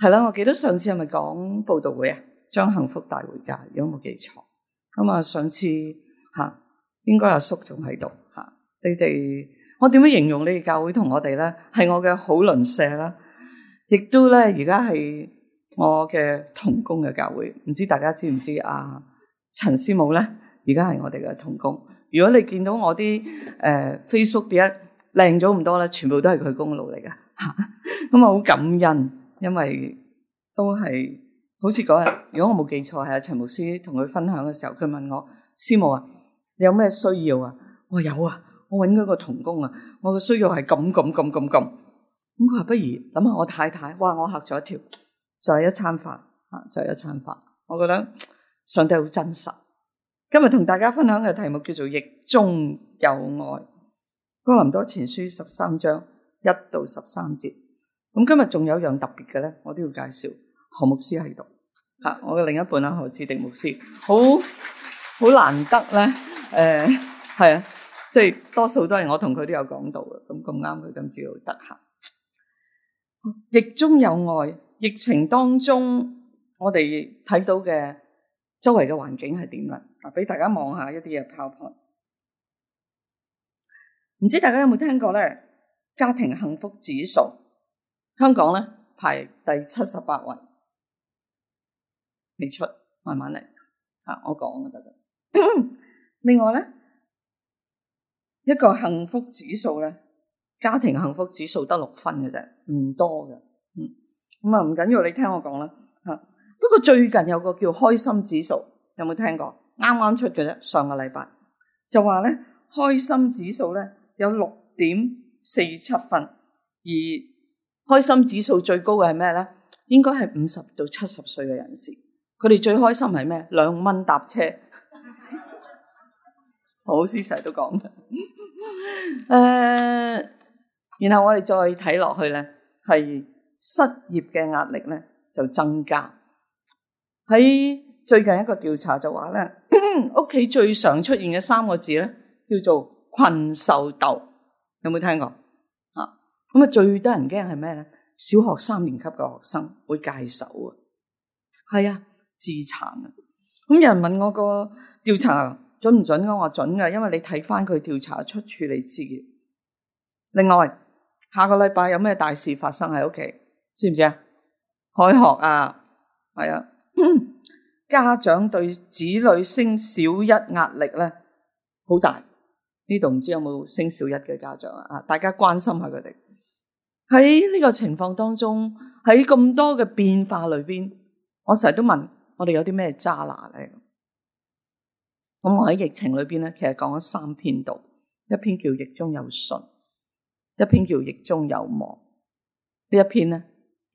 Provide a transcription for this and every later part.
係啦，我記得上次係咪講報道會啊？將幸福帶回家，如果冇記錯咁啊，我上次吓、啊，應該阿叔仲喺度吓。你、啊、哋我點樣形容你哋教會我呢我、啊、呢我同我哋咧？係我嘅好鄰舍啦，亦都咧而家係我嘅同工嘅教會。唔知大家知唔知啊？陳師母咧，而家係我哋嘅同工。如果你見到我啲誒、呃、Facebook 一，靚咗咁多咧，全部都係佢功勞嚟噶。咁 我好感恩，因為都係好似嗰日，如果我冇記錯，係阿陳牧師同佢分享嘅時候，佢問我師母啊，你有咩需要啊？我、哦、有啊，我搵嗰個童工啊，我嘅需要係咁咁咁咁咁。咁佢話不如諗下我太太，哇！我嚇咗一跳，就係一餐飯，吓就係一餐飯。我覺得上帝好真實。今日同大家分享嘅題目叫做疫中有愛，《哥林多前書》十三章。一到十三節，咁今日仲有一樣特別嘅咧，我都要介紹何牧師喺度吓，我嘅另一半啦何志滌牧師，好好難得咧，誒係啊，即係多數都係我同佢都有講到嘅，咁咁啱佢今朝得閒，疫中有愛，疫情當中我哋睇到嘅周圍嘅環境係點咧？啊，俾大家望下一啲嘅泡泡。唔知大家有冇聽過咧？家庭幸福指數，香港咧排第七十八位未出，慢慢嚟吓。我講嘅得啦。另外咧，一個幸福指數咧，家庭幸福指數得六分嘅啫，唔多嘅。嗯，咁啊，唔緊要，你聽我講啦吓。不過最近有個叫開心指數，有冇聽過？啱啱出嘅啫，上個禮拜就話咧，開心指數咧有六點四七分，而開心指數最高嘅係咩呢？應該係五十到七十歲嘅人士，佢哋最開心係咩？兩蚊搭車，好，師成日都講。誒，然後我哋再睇落去呢，係失業嘅壓力咧就增加。喺最近一個調查就話咧，屋企 最常出現嘅三個字咧，叫做困獸鬥，有冇聽過？咁啊，最得人驚係咩咧？小學三年級嘅學生會戒手啊，係啊，自殘啊！咁有人問我個調查準唔準？我話準嘅，因為你睇翻佢調查出處嚟之。另外，下個禮拜有咩大事發生喺屋企？知唔知啊？開學啊，係啊！ 家長對子女升小一壓力咧好大。呢度唔知有冇升小一嘅家長啊？啊，大家關心下佢哋。喺呢個情況當中，喺咁多嘅變化裏邊，我成日都問，我哋有啲咩揸拿咧？咁我喺疫情裏邊咧，其實講咗三篇道。一篇叫疫中有信，一篇叫疫中有望，呢一篇咧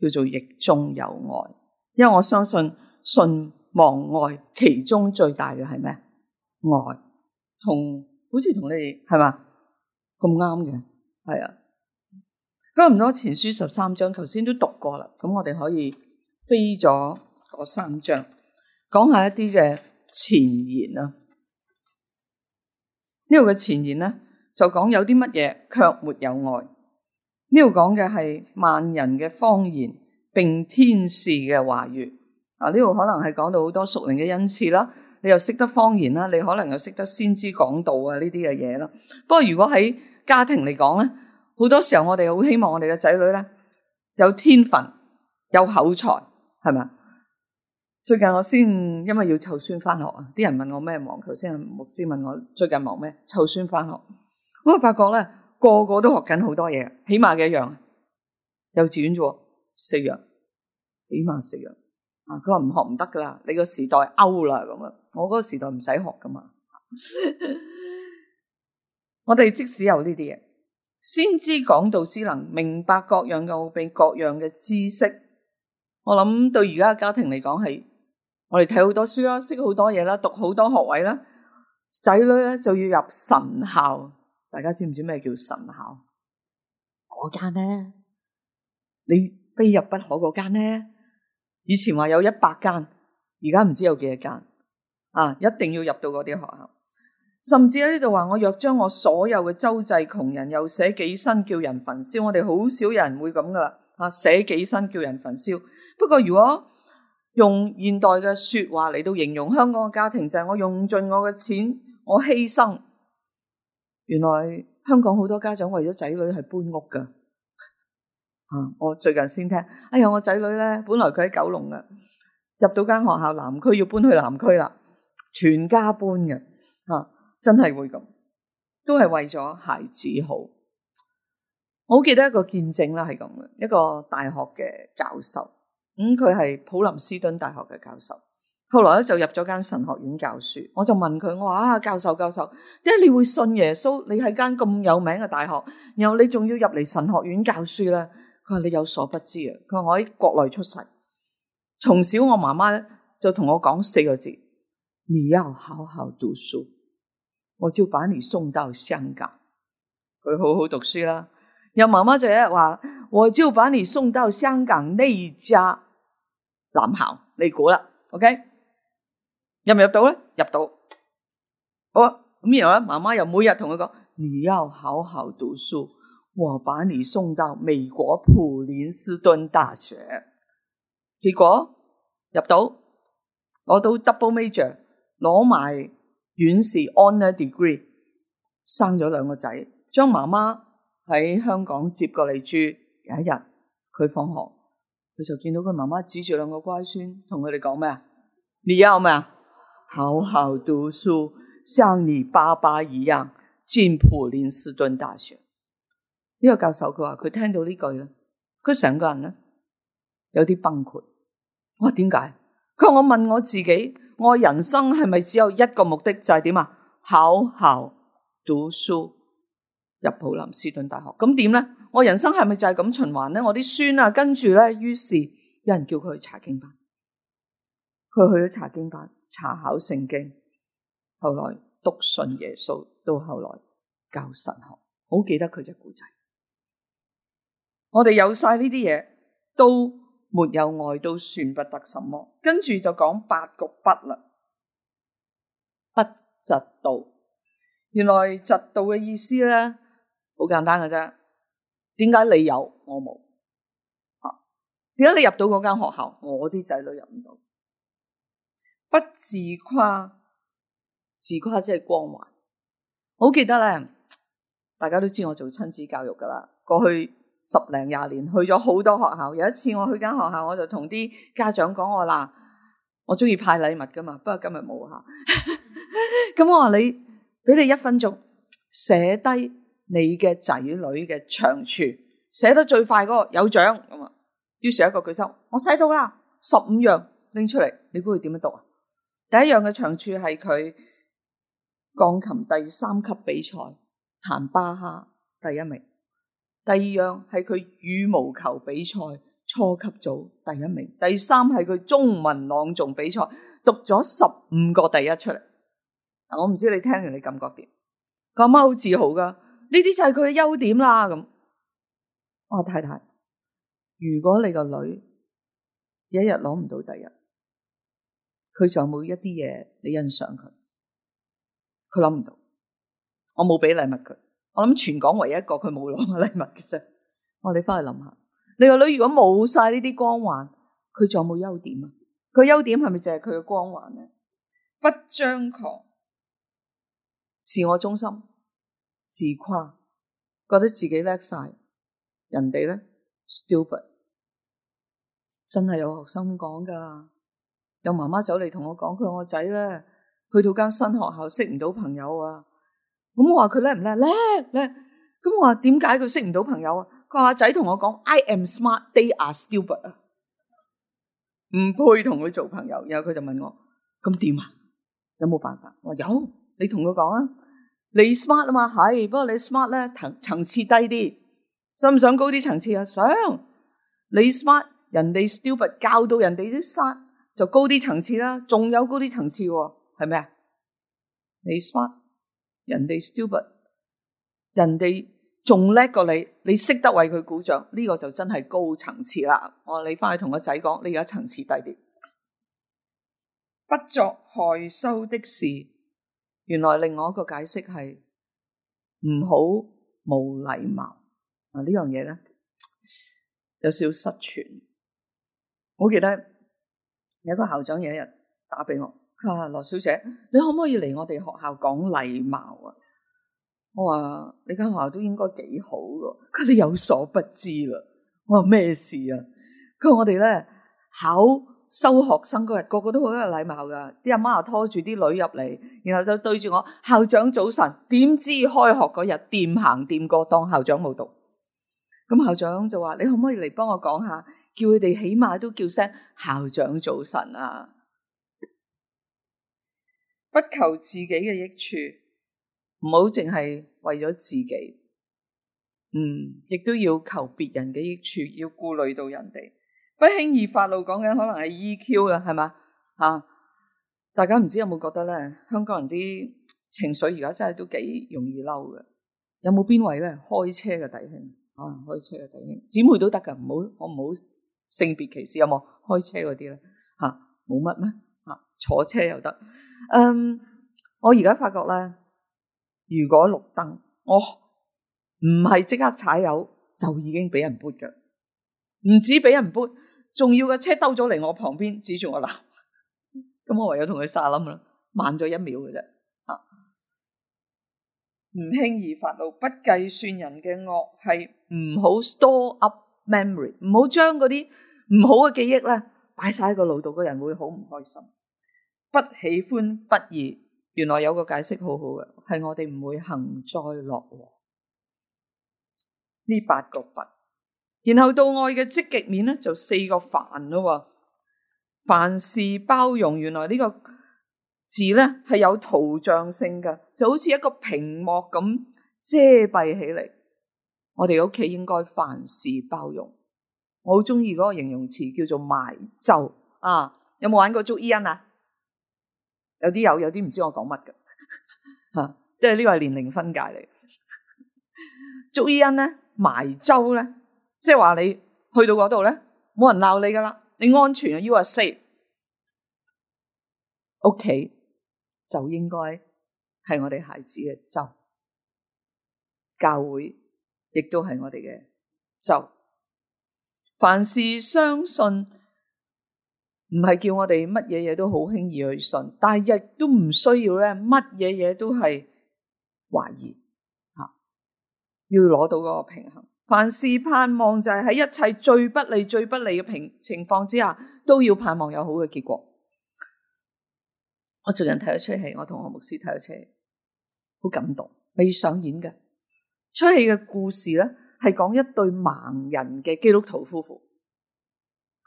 叫做疫中有愛。因為我相信信、望、愛其中最大嘅係咩？愛，同好似同你係嘛咁啱嘅，係啊。哥林多前書十三章，頭先都讀過啦，咁我哋可以飛咗嗰三章，講一下一啲嘅前言啦。呢度嘅前言呢，就講有啲乜嘢卻沒有愛。呢度講嘅係萬人嘅方言，並天使嘅話語。啊，呢度可能係講到好多屬靈嘅恩賜啦，你又識得方言啦，你可能又識得先知講道啊呢啲嘅嘢啦。不過如果喺家庭嚟講呢。好多時候我哋好希望我哋嘅仔女咧，有天份，有口才係咪？最近我先因為要湊孫翻學啊，啲人問我咩忙，頭先牧師問我最近忙咩？湊孫翻學，我發覺咧個個都學緊好多嘢，起碼嘅樣幼稚園啫，四樣，起碼四樣。啊，佢話唔學唔得噶啦，你個時代 out 啦咁啊！我嗰個時代唔使學噶嘛， 我哋即使有呢啲嘢。先知講道之能明白各樣嘅奧秘、各樣嘅知識，我諗對而家嘅家庭嚟講係，我哋睇好多書啦，識好多嘢啦，讀好多學位啦，仔女咧就要入神校。大家知唔知咩叫神校？嗰間咧，你非入不可嗰間咧。以前話有一百間，而家唔知有幾多間啊！一定要入到嗰啲學校。甚至喺呢度話，我若將我所有嘅周濟窮人，又捨己身叫人焚燒，我哋好少有人會咁噶啦。啊，捨己身叫人焚燒。不過如果用現代嘅說話嚟到形容香港嘅家庭，就係我用盡我嘅錢，我犧牲。原來香港好多家長為咗仔女係搬屋噶。啊，我最近先聽，哎呀，我仔女咧本來佢喺九龍嘅，入到間學校南區要搬去南區啦，全家搬嘅，吓。真係會咁，都係為咗孩子好。我好記得一個見證啦，係咁嘅，一個大學嘅教授，咁佢係普林斯頓大學嘅教授，後來咧就入咗間神學院教書。我就問佢：我話啊，教授教授，點解你會信耶穌？你喺間咁有名嘅大學，然後你仲要入嚟神學院教書咧？佢話你有所不知啊，佢話我喺國內出世，從小我媽媽就同我講四個字：你要好好讀書。我就把你送到香港，佢好好讀書啦。有媽媽就一話，我就把你送到香港呢家男校，你估啦。OK，入唔入到咧？入到。好，咁然後咧，媽媽又每日同佢講，你要好好讀書，我把你送到美國普林斯頓大學。結果入到，攞到 double major，攞埋。院士 on the degree 生咗兩個仔，將媽媽喺香港接過嚟住。有一日佢放學，佢就見到佢媽媽指住兩個乖孫，同佢哋講咩啊？你有咩啊？好好讀書，像你爸爸一樣進普林斯頓大學。呢、這個教授佢話佢聽到呢句咧，佢成個人咧有啲崩潰。我點解？佢我問我自己。我人生係咪只有一個目的，就係點啊？考校讀書入普林斯頓大學咁點咧？我人生係咪就係咁循環咧？我啲孫啊，跟住咧。於是有人叫佢去查經班，佢去咗查經班查考聖經，後來篤信耶穌，到後來教神學，好記得佢隻古仔。我哋有晒呢啲嘢到。沒有愛都算不得什麼，跟住就講八個不啦，不嫉妒。原來嫉妒嘅意思咧，好簡單嘅啫。點解你有我冇？啊，點解你入到嗰間學校，我啲仔女入唔到？不自誇，自誇即係光環。好記得咧，大家都知我做親子教育噶啦，過去。十零廿年去咗好多學校，有一次我去間學校，我就同啲家長講我嗱，我中意派禮物噶嘛，不過今日冇吓。咁 我話你俾你一分鐘寫低你嘅仔女嘅長處，寫得最快嗰個有獎咁啊。於是一個舉手，我寫到啦，十五樣拎出嚟，你估佢點樣讀啊？第一樣嘅長處係佢鋼琴第三級比賽彈巴哈第一名。第二樣係佢羽毛球比賽初級組第一名，第三係佢中文朗誦比賽讀咗十五個第一出嚟。我唔知你聽完你感覺點？我阿媽好自豪噶呢啲就係佢嘅優點啦咁。我、啊、太太，如果你個女一日攞唔到第一，佢仲有冇一啲嘢你欣賞佢？佢諗唔到，我冇俾禮物佢。我諗全港唯一一個佢冇攞禮物嘅啫，就是，我哋翻去諗下，你個女如果冇晒呢啲光環，佢仲有冇優點啊？佢優點係咪就係佢嘅光環咧？不張狂，自我中心，自誇，覺得自己叻晒，人哋咧 stupid，真係有學生咁講噶，有媽媽走嚟同我講佢，我仔咧，去到間新學校識唔到朋友啊。咁我話佢叻唔叻？叻叻！咁我話點解佢識唔到朋友啊？佢話仔同我講：I am smart, they are stupid 啊！唔配同佢做朋友。然後佢就問我：咁點啊？有冇辦法？我話有，你同佢講啊！你 smart 啊嘛，係，不過你 smart 咧，層層次低啲，想唔想高啲層次啊？想！你 smart，人哋 stupid，教到人哋啲 smart 就高啲層次啦，仲有高啲層次喎，係咪啊？你 smart。人哋 stupid，人哋仲叻過你，你識得為佢鼓掌，呢個就真係高層次啦。我話你翻去同個仔講，你而家層次低啲，不作害羞的事。原來另外一個解釋係唔好冇禮貌啊！呢樣嘢咧有少少失傳。我記得有一個校長有一日打俾我。佢話：羅小姐，你可唔可以嚟我哋學校講禮貌啊？我話：你間學校都應該幾好噶。佢哋有所不知啦。我話：咩事啊？佢話：我哋咧考收學生嗰日，個個都好有禮貌噶。啲阿媽又拖住啲女入嚟，然後就對住我校長早晨。點知開學嗰日，掂行掂過當校長冇讀。咁校長就話：你可唔可以嚟幫我講下，叫佢哋起碼都叫聲校長早晨啊？不求自己嘅益處，唔好淨係為咗自己，嗯，亦都要求別人嘅益處，要顧慮到人哋。不輕易發怒，講緊可能係 EQ 啦，係嘛吓？大家唔知有冇覺得咧？香港人啲情緒而家真係都幾容易嬲嘅。有冇邊位咧？開車嘅弟兄啊，開車嘅弟兄，姊妹都得噶，唔好我唔好性別歧視。有冇開車嗰啲咧？吓、啊，冇乜咩？坐車又得，嗯、um,，我而家發覺咧，如果綠燈，我唔係即刻踩油，就已經俾人撥㗎。唔止俾人撥，仲要嘅車兜咗嚟我旁邊，指住我鬧。咁 我唯有同佢沙林啦，慢咗一秒嘅啫。啊，唔輕易發怒，不計算人嘅惡，係唔好 store up memory，唔好將嗰啲唔好嘅記憶咧擺晒喺個腦度，個人會好唔開心。不喜歡不義，原來有個解釋好好嘅，係我哋唔會幸災樂禍。呢八個不，然後到愛嘅積極面咧，就四個凡咯。凡事包容，原來呢個字咧係有圖像性嘅，就好似一個屏幕咁遮蔽起嚟。我哋屋企應該凡事包容。我好中意嗰個形容詞叫做埋咒。啊！有冇玩過捉伊人啊？有啲有，有啲唔知我講乜嘅吓，即 係 呢個係年齡分界嚟。足恩咧，埋舟咧，即係話你去到嗰度咧，冇人鬧你噶啦，你安全啊。you are safe。屋企就應該係我哋孩子嘅舟，教會亦都係我哋嘅舟，凡事相信。唔係叫我哋乜嘢嘢都好輕易去信，但係亦都唔需要咧，乜嘢嘢都係懷疑吓，要攞到嗰個平衡。凡事盼望就係喺一切最不利、最不利嘅平情況之下，都要盼望有好嘅結果。我最近睇咗出戲，我同何牧師睇咗出戲，好感動。未上演嘅出戲嘅故事咧，係講一對盲人嘅基督徒夫婦，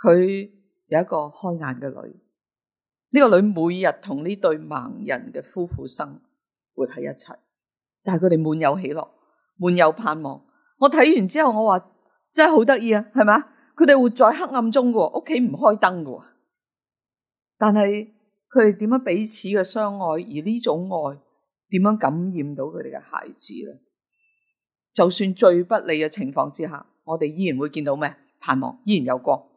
佢。有一個開眼嘅女，呢、這個女每日同呢對盲人嘅夫婦生活喺一齊，但係佢哋滿有喜樂，滿有盼望。我睇完之後我，我話真係好得意啊，係咪？佢哋活在黑暗中嘅，屋企唔開燈嘅，但係佢哋點樣彼此嘅相愛，而呢種愛點樣感染到佢哋嘅孩子咧？就算最不利嘅情況之下，我哋依然會見到咩？盼望依然有光。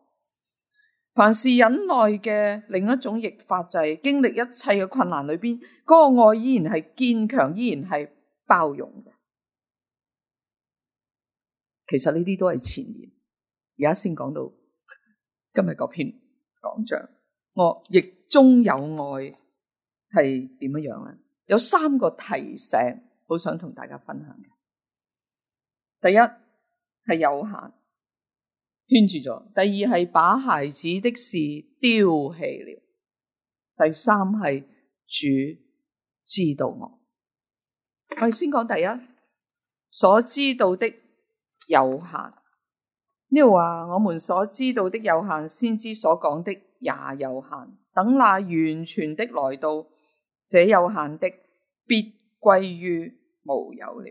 凡是忍耐嘅另一種譯法就係經歷一切嘅困難裏邊，嗰個愛依然係堅強，依然係包容嘅。其實呢啲都係前言。而家先講到今日嗰篇講章，我疫中有愛係點樣咧？有三個提醒，好想同大家分享嘅。第一係有限，圈住咗。第二係把孩子的事丟棄了。第三係主知道我。我哋先講第一，所知道的有限。呢度話我們所知道的有限，先知所講的也有限。等那完全的來到，這有限的必歸於無有了。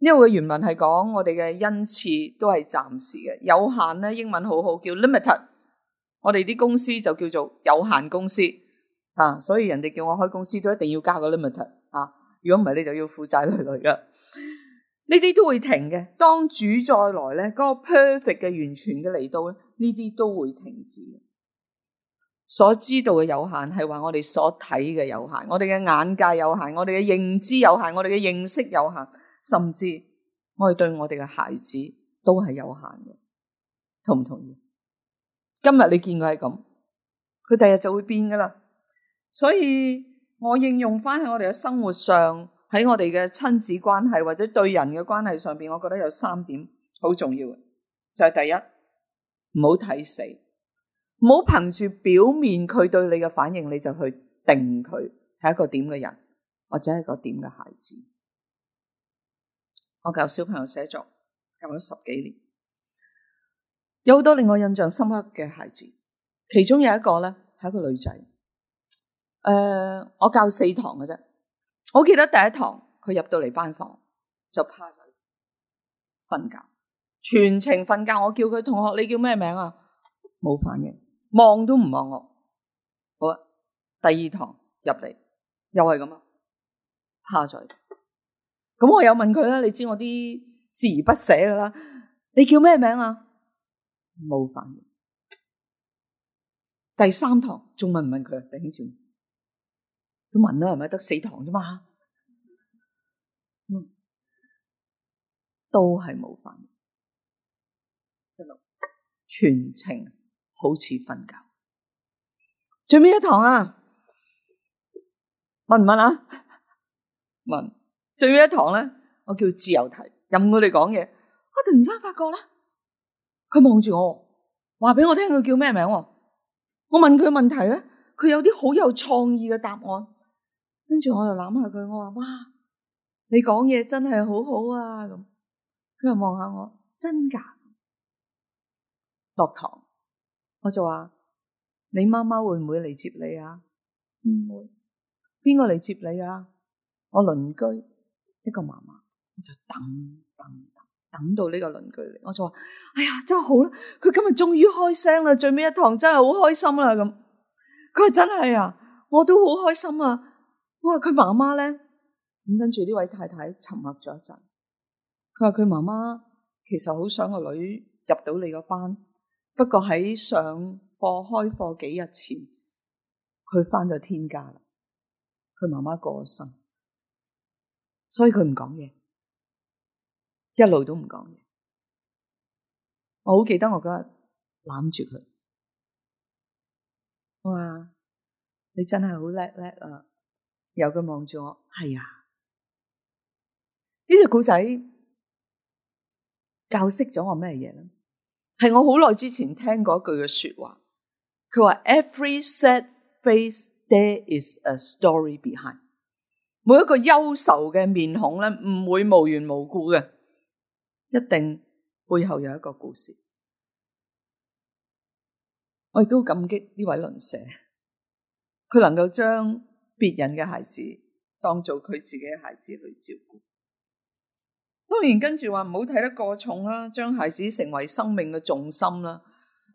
呢個原文係講我哋嘅恩賜都係暫時嘅，有限咧。英文好好叫 limited，我哋啲公司就叫做有限公司啊。所以人哋叫我開公司都一定要加個 limited 啊。如果唔係，你就要負債累累噶呢啲都會停嘅。當主再來咧，嗰個 perfect 嘅完全嘅嚟到咧，呢啲都會停止，那個會停止。所知道嘅有限係話我哋所睇嘅有限，我哋嘅眼界有限，我哋嘅認知有限，我哋嘅認識有限。甚至我哋對我哋嘅孩子都係有限嘅，同唔同意？今日你見佢係咁，佢第日就會變噶啦。所以我應用翻喺我哋嘅生活上，喺我哋嘅親子關係或者對人嘅關係上邊，我覺得有三點好重要嘅，就係、是、第一，唔好睇死，唔好憑住表面佢對你嘅反應，你就去定佢係一個點嘅人，或者係一個點嘅孩子。我教小朋友寫作教咗十幾年，有好多令我印象深刻嘅孩子，其中有一個咧係一個女仔。誒、呃，我教四堂嘅啫，我記得第一堂佢入到嚟班房就趴咗瞓覺，全程瞓覺。我叫佢，同學，你叫咩名啊？冇反應，望都唔望我。好啊，第二堂入嚟又係咁啊，趴咗。咁、嗯、我有問佢啦，你知我啲鍥而不捨噶啦，你叫咩名啊？冇反應。第三堂仲問唔問佢？頂住？佢問啦，係咪得四堂啫嘛？嗯，都係冇反應。全程好似瞓覺。最尾一堂啊，問唔問啊？問。最尾一堂咧，我叫自由題，任佢哋講嘢。我突然間發覺咧，佢望住我，話俾我聽佢叫咩名。我問佢問題咧，佢有啲好有創意嘅答案。跟住我就攬下佢，我話：哇，你講嘢真係好好啊！咁，佢又望下我，真噶。落堂，我就話：你媽媽會唔會嚟接你啊？唔會。邊個嚟接你啊？我鄰居。呢個媽媽，我就等等等，等到呢個鄰居嚟，我就話，哎呀，真係好啦！佢今日終於開聲啦，最尾一堂真係好開心啦！咁佢話真係啊，我都好開心啊！我話佢媽媽咧，咁跟住呢位太太沉默咗一陣，佢話佢媽媽其實好想個女入到你個班，不過喺上課開課幾日前，佢返咗天家啦，佢媽媽過咗身。所以佢唔講嘢，一路都唔講嘢。我好記得我，我嗰日攬住佢，我話你真係好叻叻啊！有佢望住我，係啊！故呢隻古仔教識咗我咩嘢咧？係我好耐之前聽過一句嘅說話，佢話 Every sad face there is a story behind。每一個憂愁嘅面孔咧，唔會無緣無故嘅，一定背後有一個故事。我亦都感激呢位鄰舍，佢能夠將別人嘅孩子當做佢自己嘅孩子去照顧。當然跟住話唔好睇得過重啦，將孩子成為生命嘅重心啦。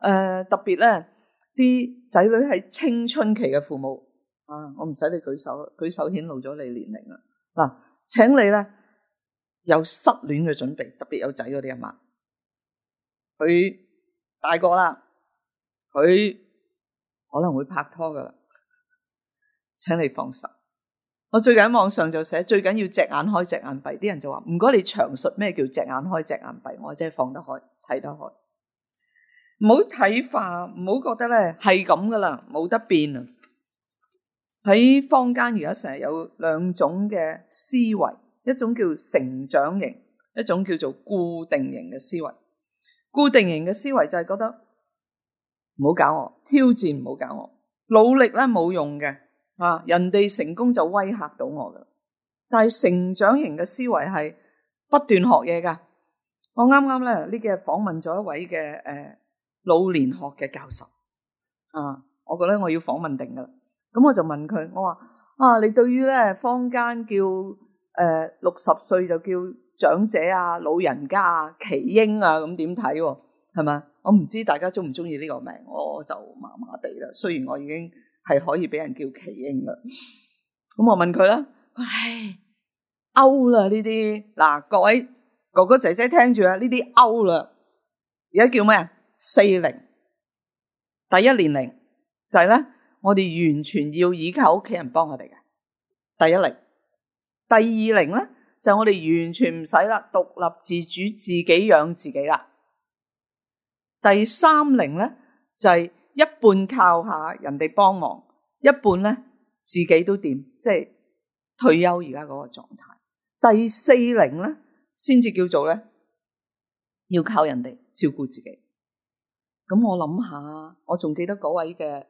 誒、呃，特別咧啲仔女係青春期嘅父母。啊！我唔使你舉手，舉手顯露咗你年齡啦。嗱、啊，請你咧有失戀嘅準備，特別有仔嗰啲阿媽，佢大個啦，佢可能會拍拖噶啦，請你放心。我最近喺網上就寫，最緊要隻眼開，隻眼閉。啲人就話唔該，你詳述咩叫隻眼開，隻眼閉。我真係放得開，睇得開，唔好睇化，唔好覺得咧係咁噶啦，冇得變啊！喺坊間而家成日有兩種嘅思維，一種叫成長型，一種叫做固定型嘅思維。固定型嘅思維就係覺得唔好搞我，挑戰唔好搞我，努力咧冇用嘅啊！人哋成功就威吓到我噶。但係成長型嘅思維係不斷學嘢噶。我啱啱咧呢幾日訪問咗一位嘅誒老年學嘅教授啊，我覺得我要訪問定噶啦。咁我就問佢，我話啊，你對於咧坊間叫誒六十歲就叫長者啊、老人家啊、耆英啊咁點睇？係嘛，啊？我唔知大家中唔中意呢個名，我就麻麻地啦。雖然我已經係可以俾人叫耆英啦，咁我問佢啦，唉，歐啦呢啲嗱，各位哥哥姐姐聽住啊，呢啲歐啦，而家叫咩啊？四零第一年齡就係、是、咧。我哋完全要依靠屋企人幫我哋嘅，第一零，第二零咧就係、我哋完全唔使啦，獨立自主，自己養自己啦。第三零咧就係、是、一半靠下人哋幫忙，一半咧自己都掂，即係退休而家嗰個狀態。第四零咧先至叫做咧要靠人哋照顧自己。咁我諗下，我仲記得嗰位嘅。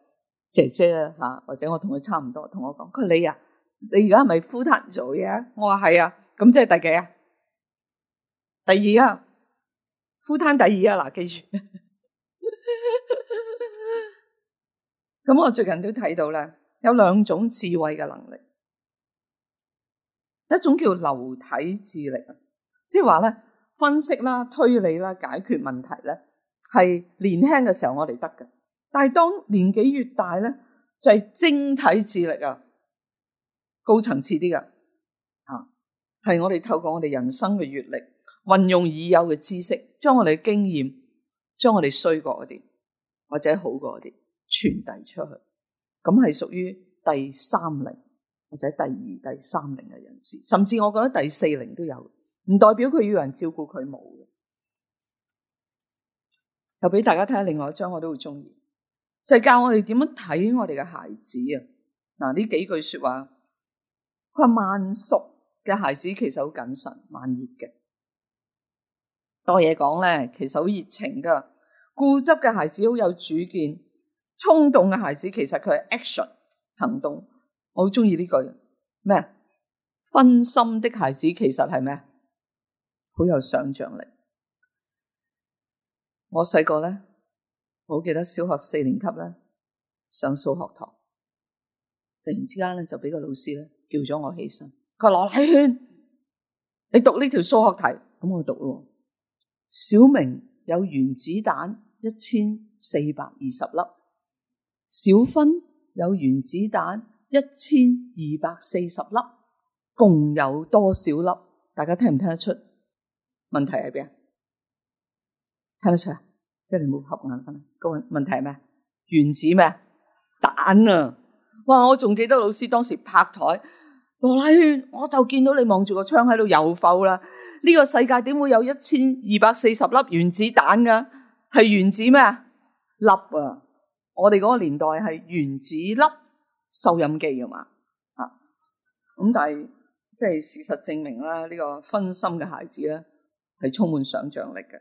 姐姐啊，吓或者我同佢差唔多，同我講佢你啊，你而家係咪 full time 做嘢？我話係啊，咁即係第幾啊？第二啊，full time 第二啊，嗱，記住。咁 我最近都睇到咧，有兩種智慧嘅能力，一種叫流體智力，即係話咧分析啦、推理啦、解決問題咧，係年輕嘅時候我哋得嘅。但係當年紀越大咧，就係晶體智力啊，高層次啲噶，吓係我哋透過我哋人生嘅閱歷，運用已有嘅知識，將我哋嘅經驗，將我哋衰過嗰啲或者好過嗰啲傳遞出去，咁係屬於第三零或者第二、第三零嘅人士，甚至我覺得第四零都有，唔代表佢要有人照顧佢冇嘅。又俾大家睇下另外一張，我都好中意。就教我哋點樣睇我哋嘅孩子啊！嗱，呢幾句說話，佢話慢熟嘅孩子其實好謹慎，慢熱嘅。多嘢講咧，其實好熱情噶。固執嘅孩子好有主見，衝動嘅孩子其實佢係 action 行動。我好中意呢句咩？分心的孩子其實係咩？好有想象力。我細個咧。我記得小學四年級啦，上數學堂，突然之間咧就俾個老師咧叫咗我起身，佢話：羅乃萱，你讀呢條數學題，咁我讀咯。小明有原子彈一千四百二十粒，小芬有原子彈一千二百四十粒，共有多少粒？大家聽唔聽得出？問題喺邊啊？聽得出啊？即係你冇合眼瞓，個問題係咩？原子咩？蛋啊！哇！我仲記得老師當時拍台，羅拉圈，我就見到你望住個窗喺度游否啦。呢、這個世界點會有一千二百四十粒原子彈噶、啊？係原子咩？粒啊！我哋嗰個年代係原子粒收音機噶嘛？啊！咁但係即係事實證明啦，呢、這個分心嘅孩子咧係充滿想象力嘅。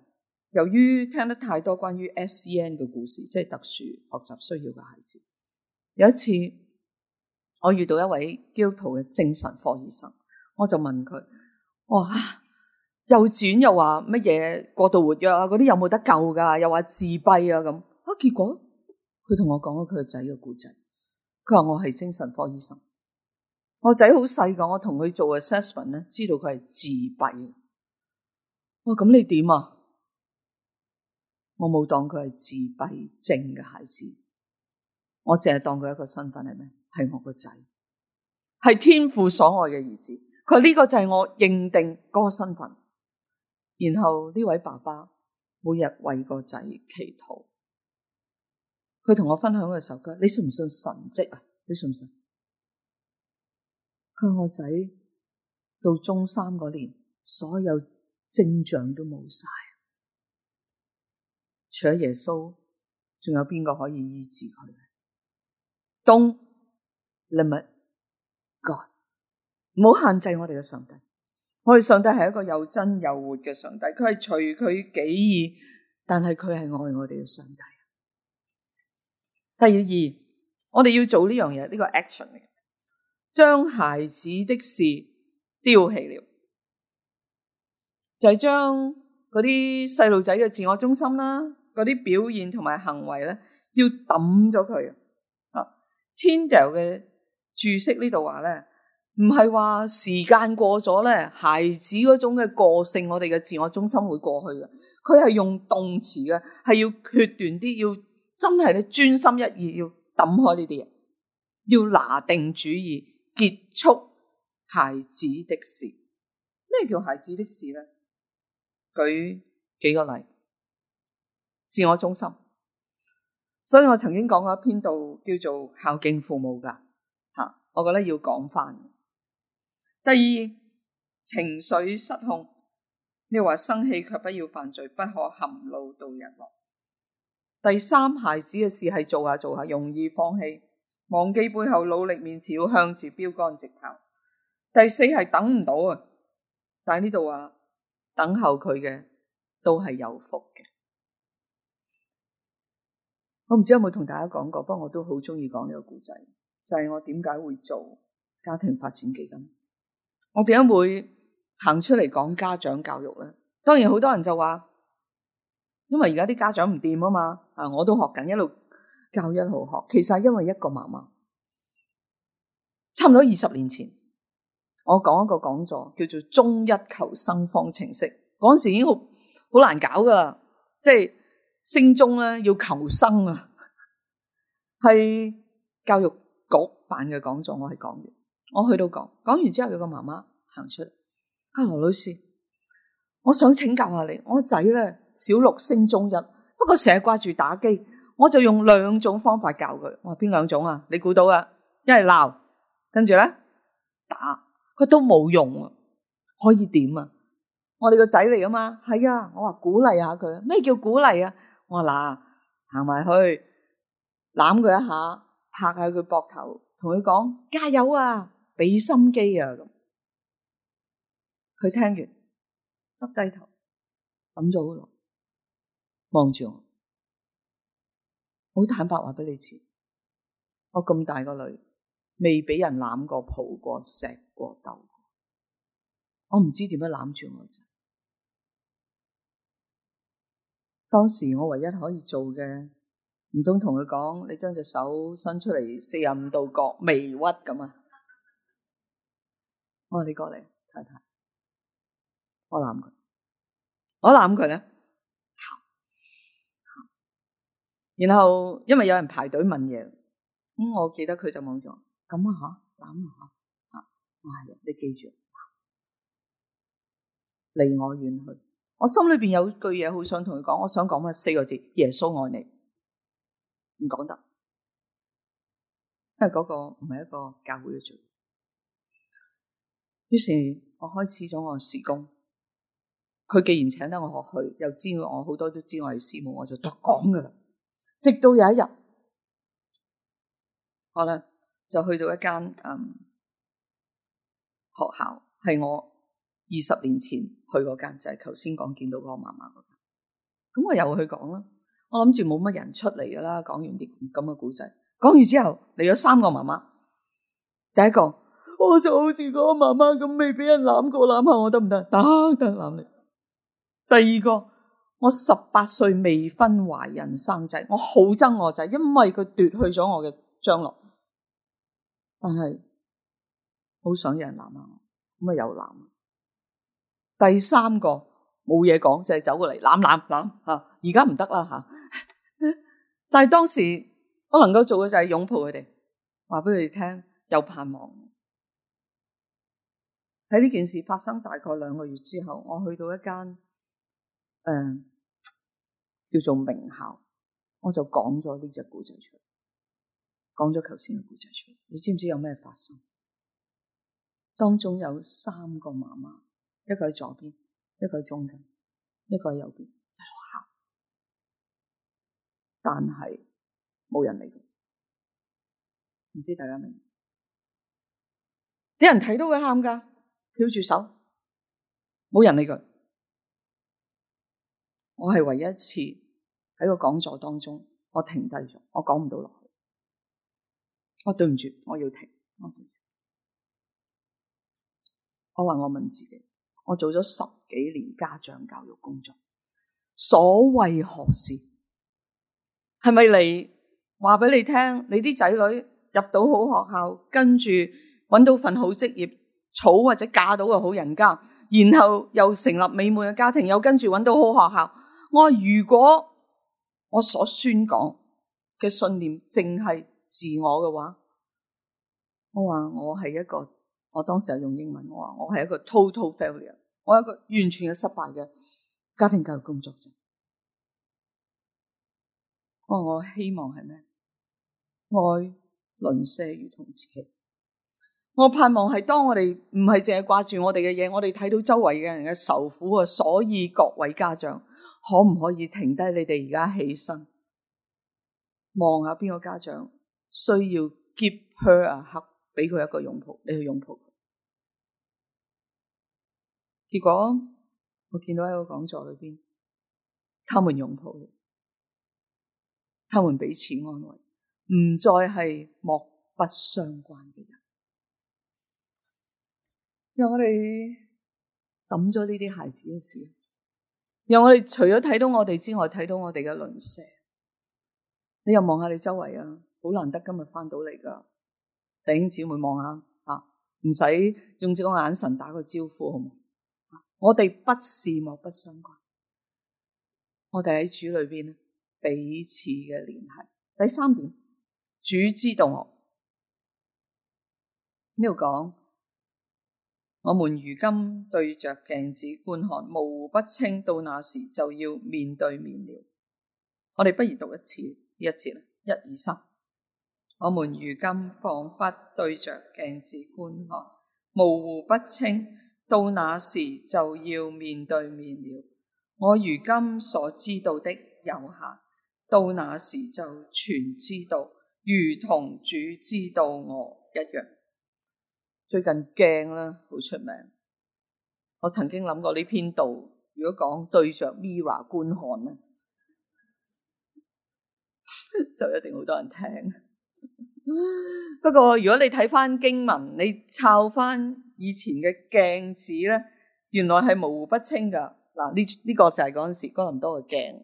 由於聽得太多關於 SEN 嘅故事，即係特殊學習需要嘅孩子，有一次我遇到一位基督徒嘅精神科醫生，我就問佢：哇、哦，幼稚園又話乜嘢過度活躍啊，嗰啲有冇得救噶？又話自閉啊咁啊？結果佢同我講咗佢個仔嘅故仔，佢話我係精神科醫生，我仔好細個，我同佢做 assessment 咧，知道佢係自閉。哇、哦，咁你點啊？我冇當佢係自閉症嘅孩子，我淨係當佢一個身份係咩？係我個仔，係天父所愛嘅兒子。佢呢個就係我認定嗰個身份。然後呢位爸爸每日為個仔祈禱，佢同我分享嗰首歌，你信唔信神蹟啊？你信唔信？佢話個仔到中三嗰年，所有症狀都冇晒。除咗耶穌，仲有邊個可以醫治佢？Don't limit God. 唔好限制我哋嘅上帝。我哋上帝係一個又真又活嘅上帝，佢係隨佢己意，但係佢係愛我哋嘅上帝。第二，我哋要做呢樣嘢，呢個 action 嚟嘅，將孩子的事丟棄了，就係將嗰啲細路仔嘅自我中心啦。嗰啲表現同埋行為咧，要抌咗佢啊，Tinder 嘅注釋呢度話咧，唔係話時間過咗咧，孩子嗰種嘅個性，我哋嘅自我中心會過去嘅。佢係用動詞嘅，係要決斷啲，要真係咧專心一意，要抌開呢啲嘢，要拿定主意結束孩子的事。咩叫孩子的事咧？舉幾個例。自我中心，所以我曾經講過一篇道叫做孝敬父母噶吓，我覺得要講翻。第二，情緒失控，你話生氣卻不要犯罪，不可含怒到日落。第三，孩子嘅事係做下做下容易放棄，忘記背後努力面前要向前，標竿直跑。第四係等唔到啊，但係呢度話等候佢嘅都係有福。我唔知有冇同大家講過，不過我都好中意講呢個故仔，就係我點解會做家庭發展基金，我點解會行出嚟講家長教育咧？當然，好多人就話，因為而家啲家長唔掂啊嘛，啊，我都學緊一路教一好學，其實係因為一個媽媽，差唔多二十年前，我講一個講座叫做中一求生方程式，嗰時已經好難搞噶啦，即係。升中咧，要求生啊，係教育局辦嘅講座，我係講嘅，我去到講，講完之後有個媽媽行出嚟，啊。阿羅老師，我想請教下你，我仔咧小六升中一，不過成日掛住打機，我就用兩種方法教佢，我話邊兩種啊？你估到啊？一係鬧，跟住咧打，佢都冇用啊。可以點啊？我哋個仔嚟㗎嘛，係啊，我話鼓勵下佢，咩叫鼓勵啊？我嗱，行埋去攬佢一下，拍下佢膊頭，同佢講加油啊，畀心機啊咁。佢聽完，耷低頭諗咗好耐，望住我，好坦白話畀你知，我咁大個女，未俾人攬過、抱過、錫過、鬥過，我唔知點樣攬住我當時我唯一可以做嘅，唔通同佢講，你將隻手伸出嚟，四十五度角，微屈咁啊、oh！我話你過嚟睇睇，我攬佢，我攬佢咧，然後因為有人排隊問嘢，咁我記得佢就望咗。咁啊吓，攬啊吓，啊、哎，你記住，離我遠去。我心裏邊有句嘢好想同佢講，我想講嘅四個字：耶穌愛你，唔講得，因為嗰個唔係一個教會嘅聚會。於是，我開始咗我嘅事工。佢既然請得我學去，又知我好多都知我係師母，我就得講噶啦。直到有一日，我咧就去到一間誒、嗯、學校，係我。二十年前去嗰間就係頭先講見到嗰個媽媽嗰間，咁我又去講啦。我諗住冇乜人出嚟㗎啦。講完啲咁嘅故仔，講完之後嚟咗三個媽媽。第一個我就好似嗰個媽媽咁，未俾人攬過攬下我得唔得？得得，攬你。第二個我十八歲未婚懷孕生仔，我好憎我仔，因為佢奪去咗我嘅將來，但係好想有人攬下我，咁啊又攬。第三個冇嘢講，就係走過嚟，攬攬攬吓，而家唔得啦吓。抱抱啊、 但係當時我能夠做嘅就係擁抱佢哋，話俾佢哋聽有盼望。喺呢件事發生大概兩個月之後，我去到一間誒、呃、叫做名校，我就講咗呢隻故仔出嚟，講咗頭先嘅故仔出嚟。你知唔知有咩發生？當中有三個媽媽。一個喺左邊，一個喺中間，一個喺右邊，都喊，但係冇人理佢，唔知大家明？啲人睇都會喊噶，跳住手，冇人理佢。我係唯一一次喺個講座當中，我停低咗，我講唔到落去，我對唔住，我要停，我對唔住，我話我,我問自己。我做咗十幾年家長教育工作，所謂何事？係咪嚟話俾你聽？你啲仔女入到好學校，跟住搵到份好職業，娶或者嫁到個好人家，然後又成立美滿嘅家庭，又跟住搵到好學校？我話如果我所宣講嘅信念，淨係自我嘅話，我話我係一個。我當時又用英文，我話我係一個 total failure，我係一個完全嘅失敗嘅家庭教育工作者。我話我希望係咩？愛鄰舍如同自己。我盼望係當我哋唔係淨係掛住我哋嘅嘢，我哋睇到周圍嘅人嘅愁苦啊。所以各位家長，可唔可以停低你哋而家起身，望下邊個家長需要 give her 啊俾佢一個擁抱，你去擁抱佢。結果我見到喺個講座裏邊，他們擁抱佢，他們彼此安慰，唔再係莫不相關嘅人。讓我哋抌咗呢啲孩子嘅事。讓我哋除咗睇到我哋之外，睇到我哋嘅鄰舍。你又望下你周圍啊，好難得今日翻到嚟噶。弟兄姊妹望下啊，唔使用只個眼神打個招呼好冇？我哋不是莫不相關，我哋喺主裏邊彼此嘅聯繫。第三點，主知道我呢度講，我們如今對着鏡子觀看模糊不清，到那時就要面對面了。我哋不如讀一次呢一節，一二三。我們如今仿佛對着鏡子觀看，模糊不清。到那時就要面對面了。我如今所知道的有限，到那時就全知道，如同主知道我一樣。最近鏡啦，好出名。我曾經諗過呢篇道，如果講對着 mirror 觀看呢，就一定好多人聽。不過如果你睇翻經文，你抄翻以前嘅鏡子咧，原來係模糊不清噶。嗱，呢、這、呢個就係嗰陣時哥林多嘅鏡，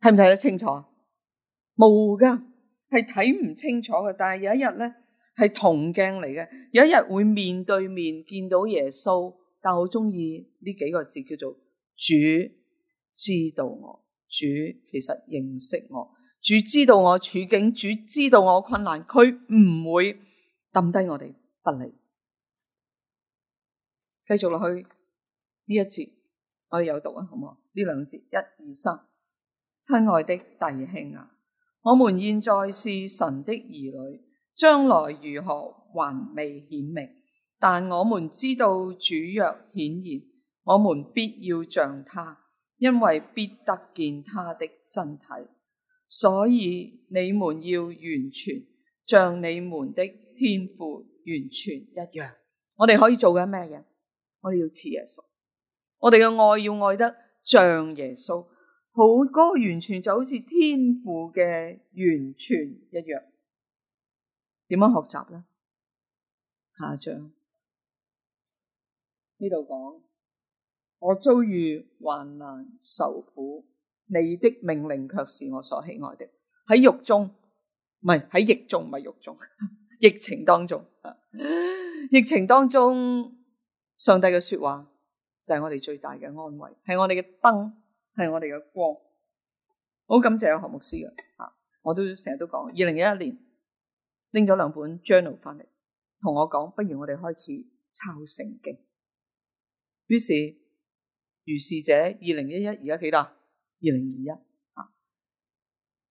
睇唔睇得清楚？模糊噶，係睇唔清楚嘅。但係有一日咧，係銅鏡嚟嘅，有一日會面對面見到耶穌，但係我好中意呢幾個字叫做主知道我，主其實認識我。主知道我處境，主知道我困難，佢唔會抌低我哋不理。繼續落去呢一節，我哋有讀啊，好唔好？呢兩節一、二、三。親愛的弟兄啊，我們現在是神的兒女，將來如何還未顯明，但我們知道主若顯現，我們必要像他，因為必得見他的真體。所以你們要完全像你們的天父完全一樣，我哋可以做緊咩嘢？我哋要似耶穌，我哋嘅愛要愛得像耶穌，好嗰個完全就好似天父嘅完全一樣。點樣學習咧？下章呢度講，我遭遇患難受苦。你的命令卻是我所喜愛的。喺獄中，唔係喺疫中，唔係獄中， 疫情當中，疫情當中，上帝嘅說話就係我哋最大嘅安慰，係我哋嘅燈，係我哋嘅光。好感謝何牧師啊！我都成日都講，二零一一年拎咗兩本 journal 翻嚟，同我講，不如我哋開始抄聖經。於是，如是者，二零一一而家幾多？二零二一啊，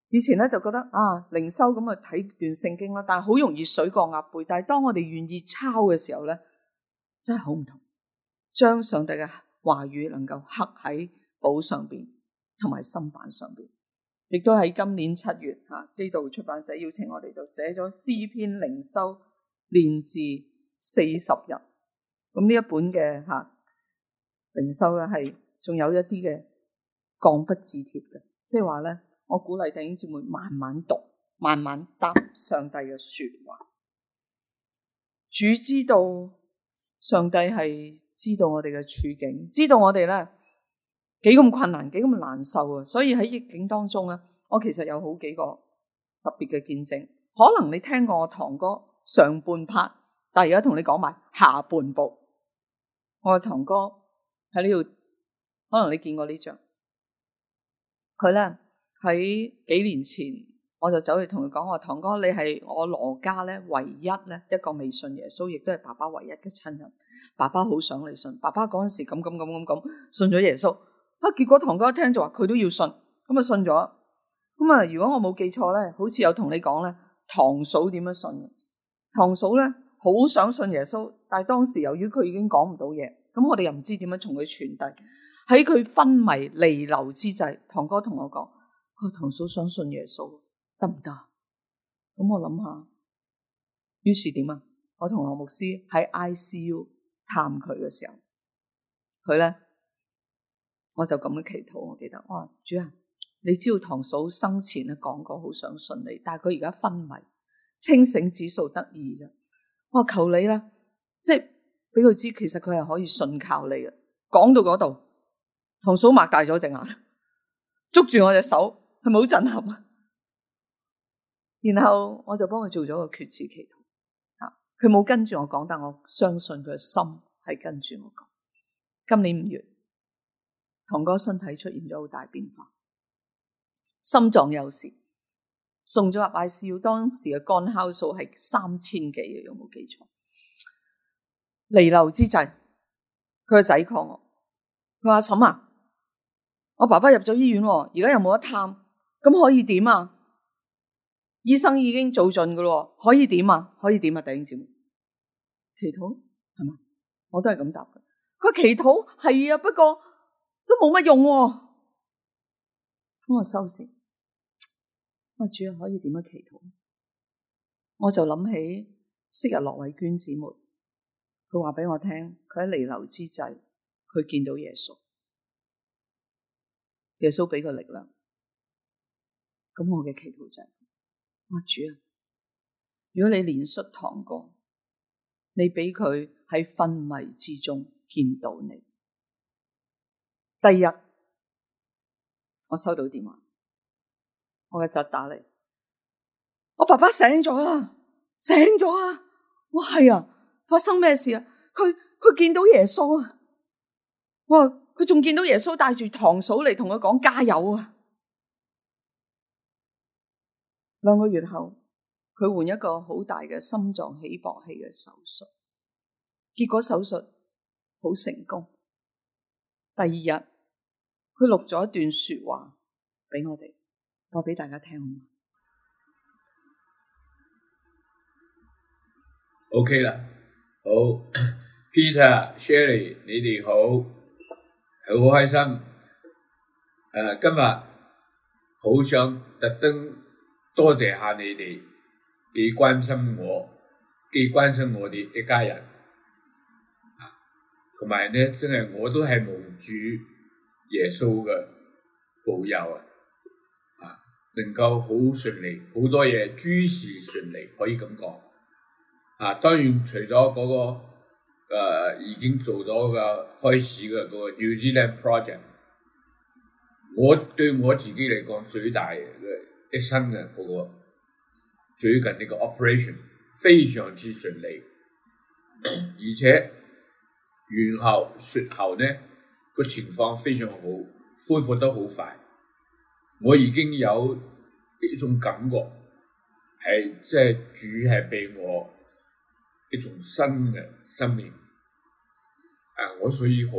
以前咧，就覺得啊靈修咁啊睇段聖經啦，但係好容易水過鴨背。但係當我哋願意抄嘅時候咧，真係好唔同，將上帝嘅話語能夠刻喺簿上邊同埋心版上邊。亦都喺今年七月吓，基、啊、督出版社邀請我哋就寫咗詩篇靈修練字四十日。咁呢一本嘅吓靈修咧係仲有一啲嘅。講不字帖嘅，即係話咧，我鼓勵弟兄姊妹慢慢讀，慢慢答上帝嘅說話。主知道，上帝係知道我哋嘅處境，知道我哋咧幾咁困難，幾咁難受啊！所以喺逆境當中啊，我其實有好幾個特別嘅見證。可能你聽過我堂哥上半 part，但係而家同你講埋下半部。我嘅堂哥喺呢度，可能你見過呢張。佢咧喺幾年前，我就走去同佢講：話，堂哥，你係我羅家咧唯一咧一個未信耶穌，亦都係爸爸唯一嘅親人。爸爸好想你信，爸爸嗰陣時咁咁咁咁咁信咗耶穌，啊！結果堂哥一聽就話佢都要信，咁啊信咗。咁啊如果我冇記錯咧，好似有同你講咧，堂嫂點樣信嘅？堂嫂咧好想信耶穌，但係當時由於佢已經講唔到嘢，咁我哋又唔知點樣同佢傳遞。喺佢昏迷彌留之際，堂哥同我講：啊，堂嫂想信耶穌，得唔得？咁我諗下，於是點啊？我同何牧師喺 I C U 探佢嘅時候，佢咧，我就咁樣祈禱。我記得我話：主啊，你知道堂嫂生前咧講過好想信你，但係佢而家昏迷，清醒指數得二咋。我求你啦，即係俾佢知，其實佢係可以信靠你嘅。講到嗰度。唐嫂擘大咗隻眼，捉住我隻手，係咪好震撼？然後我就幫佢做咗個決志祈禱。吓，佢冇跟住我講，但我相信佢嘅心係跟住我講。今年五月，唐哥身體出現咗好大變化，心臟有事，送咗入 ICU。當時嘅肝酵素係三千幾，有冇記錯？彌留之際，佢個仔叫我，佢話，嬸啊！我爸爸入咗醫院，而家又冇得探，咁可以點啊？醫生已經做盡噶咯，可以點啊？可以點啊？弟兄姊妹祈禱，祈禱係嘛？我都係咁答嘅。佢祈禱係啊，不過都冇乜用啊。咁我收線，我主啊，可以點樣祈禱？我就諗起昔日羅慧娟姊妹，佢話俾我聽，佢喺彌留之際，佢見到耶穌。耶穌俾個力量，咁我嘅祈禱就係噉，阿主啊，如果你連述堂哥，你俾佢喺昏迷之中見到你。第二天，我收到電話，我嘅侄打嚟，我爸爸醒咗啊，醒咗啊，我係啊，發生咩事啊？佢佢見到耶穌啊，我。佢仲見到耶穌帶住堂嫂嚟同佢講加油啊！兩個月後，佢換一個好大嘅心臟起搏器嘅手術，結果手術好成功。第二日，佢錄咗一段説話俾我哋，我俾大家聽，好嗎？OK 啦，好，Peter、Sherry，你哋好。Peter，好開心！誒、啊，今日好想特登多謝下你哋，幾關心我，幾關心我哋一家人，啊，同埋呢，真係我都係蒙主耶穌嘅保佑啊！啊，能夠好順利，好多嘢諸事順利，可以咁講。啊，當然除咗嗰、那個。誒、uh, 已經做到嘅開始嘅嗰個 New Zealand project，我對我自己嚟講最大嘅一生嘅嗰、那個最近呢個 operation 非常之順利，而且完後術後呢個情況非常好，恢復得好快。我已經有一種感覺係即係主要係俾我。一種新嘅生命，啊，我所以好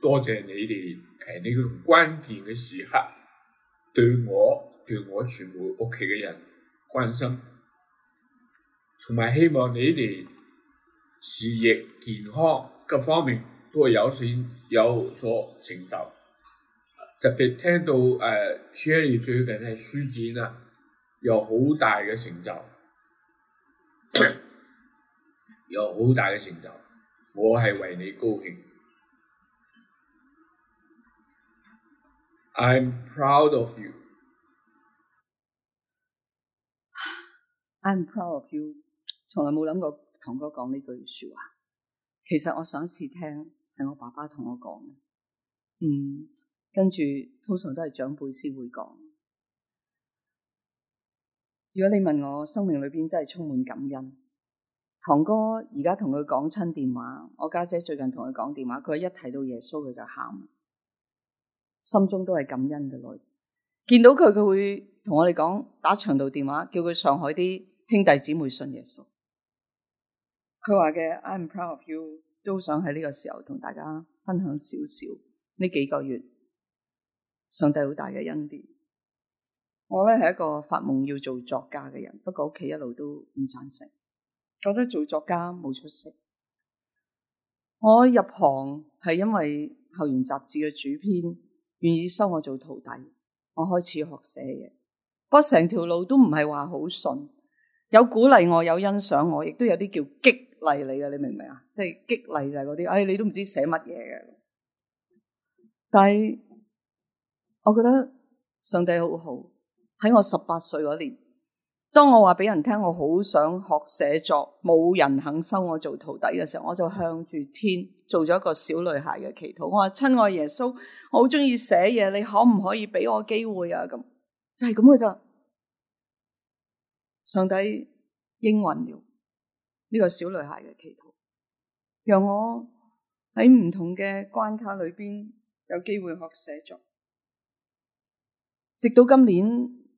多謝你哋喺呢種關鍵嘅時刻，對我對我全部屋企嘅人關心，同埋希望你哋事業健康各方面都有先有所成就，啊，特別聽到誒，Cherry、呃、最近喺書展啦，有好大嘅成就。 有好大嘅成就，我係為你高興。I'm proud of you. I'm proud of you。從來冇諗過堂哥講呢句說話。其實我上一次聽係我爸爸同我講嘅。嗯，跟住通常都係長輩先會講。如果你問我，生命裏邊真係充滿感恩。堂哥而家同佢講親電話，我家姐，姐最近同佢講電話，佢一睇到耶穌，佢就喊，心中都係感恩嘅。女見到佢，佢會同我哋講打長途電話，叫佢上海啲兄弟姊妹信耶穌。佢話嘅 I'm proud of you，都想喺呢個時候同大家分享少少呢幾個月上帝好大嘅恩典。我咧係一個發夢要做作家嘅人，不過屋企一路都唔贊成。覺得做作家冇出息，我入行係因為後《校園雜誌》嘅主編願意收我做徒弟，我開始學寫嘢。不過成條路都唔係話好順，有鼓勵我，有欣賞我，亦都有啲叫激勵你嘅。你明唔明啊？即、就、係、是、激勵就係嗰啲，唉、哎，你都唔知寫乜嘢嘅。但係我覺得上帝好好喺我十八歲嗰年。當我話俾人聽我好想學寫作，冇人肯收我做徒弟嘅時候，我就向住天做咗一個小女孩嘅祈禱。我話：親愛耶穌，我好鍾意寫嘢，你可唔可以俾我機會啊？咁就係咁嘅咋。上帝應允了呢個小女孩嘅祈禱，讓我喺唔同嘅關卡裏邊有機會學寫作，直到今年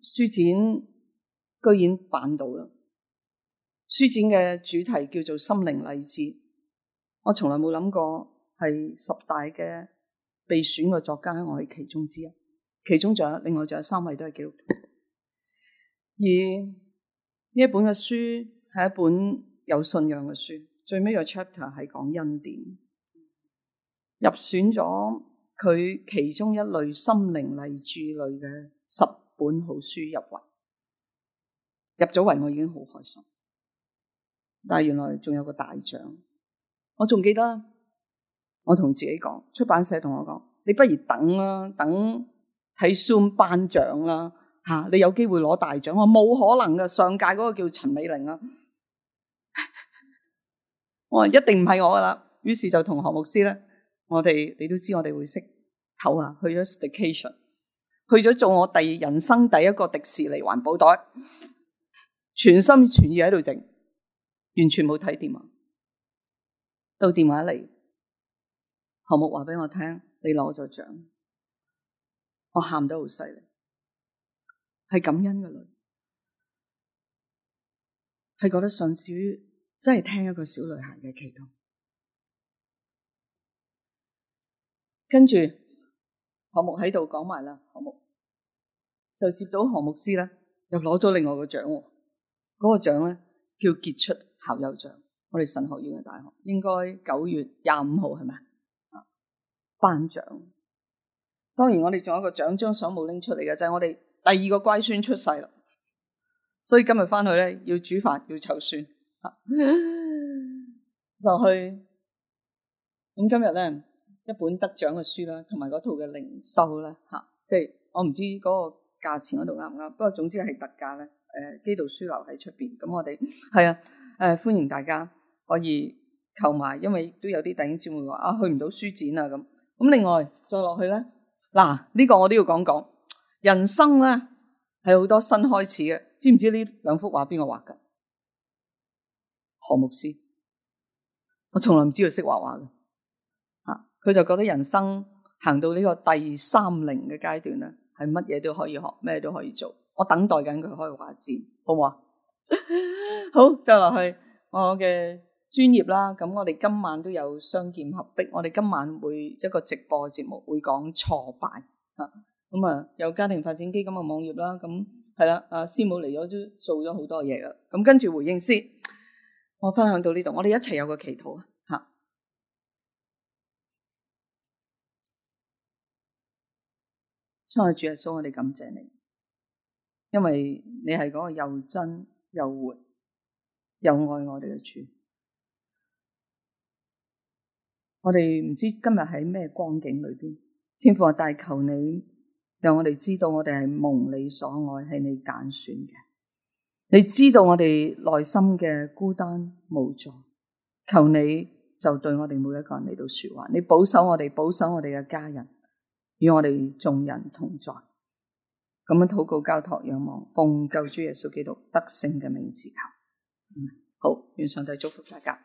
書展。居然辦到啦！書展嘅主題叫做心靈勵志，我從來冇諗過係十大嘅被選嘅作家，我係其中之一。其中仲有另外仲有三位都係基督徒。而呢一本嘅書係一本有信仰嘅書，最尾個 chapter 係講恩典。入選咗佢其中一類心靈勵志類嘅十本好書入圍。入咗圍我已經好開心，但係原來仲有個大獎，我仲記得，我同自己講，出版社同我講，你不如等啦，等喺 Zoom 頒獎啦，吓、啊、你有機會攞大獎，我冇可能噶，上屆嗰個叫陳美玲啊， 我話一定唔係我噶啦，於是就同何牧師咧，我哋你都知我哋會識唞下去咗 staycation，去咗做我第人生第一個迪士尼環保袋。全心全意喺度整，完全冇睇電話。到電話嚟，何牧話畀我聽，你攞咗獎，我喊得好犀利，係感恩嘅女，係覺得上主真係聽一個小女孩嘅祈禱。跟住何牧喺度講埋啦，何牧，何牧就接到何牧師啦，又攞咗另外個獎。嗰個獎咧叫傑出校友獎，我哋神學院嘅大學應該九月廿五號係咪啊？頒獎。當然我哋仲有一個獎，張相冇拎出嚟嘅就係、是，我哋第二個乖孫出世啦，所以今日翻去咧要煮飯要湊孫吓， 就去咁、嗯、今日咧一本得獎嘅書啦，同埋嗰套嘅靈修啦吓，即、嗯、係、就是、我唔知嗰個價錢嗰度啱唔啱，不過總之係特價咧。誒基道書樓喺出邊？咁我哋係啊，誒、呃、歡迎大家可以購買，因為都有啲弟兄姊妹話啊去唔到書展啊咁。咁另外再落去咧，嗱、啊、呢、這個我都要講講。人生咧係好多新開始嘅，知唔知呢兩幅畫邊個畫㗎？何牧師，我從來唔知道識畫畫嘅嚇，佢、啊、就覺得人生行到呢個第三零嘅階段咧，係乜嘢都可以學，咩都可以做。我等待緊佢開個畫展，好唔好啊？ 好，再落去我嘅專業啦。咁我哋今晚都有雙劍合璧。我哋今晚會一個直播節目，會講挫敗吓。咁啊，有家庭發展基金嘅網頁啦。咁係啦，阿師母嚟咗都做咗好多嘢啦。咁跟住回應先，我分享到呢度。我哋一齊有個祈禱吓。親愛的主耶穌，我哋感謝你。因為你係嗰個又真又活又愛我哋嘅主，我哋唔知今日喺咩光景裏邊。天父啊，但求你讓我哋知道我哋係蒙你所愛，係你揀選嘅。你知道我哋內心嘅孤單無助，求你就對我哋每一個人嚟到說話。你保守我哋，保守我哋嘅家人，與我哋眾人同在。咁樣禱告交託仰望，奉救主耶穌基督得勝嘅名字求，嗯、好，願上帝祝福大家。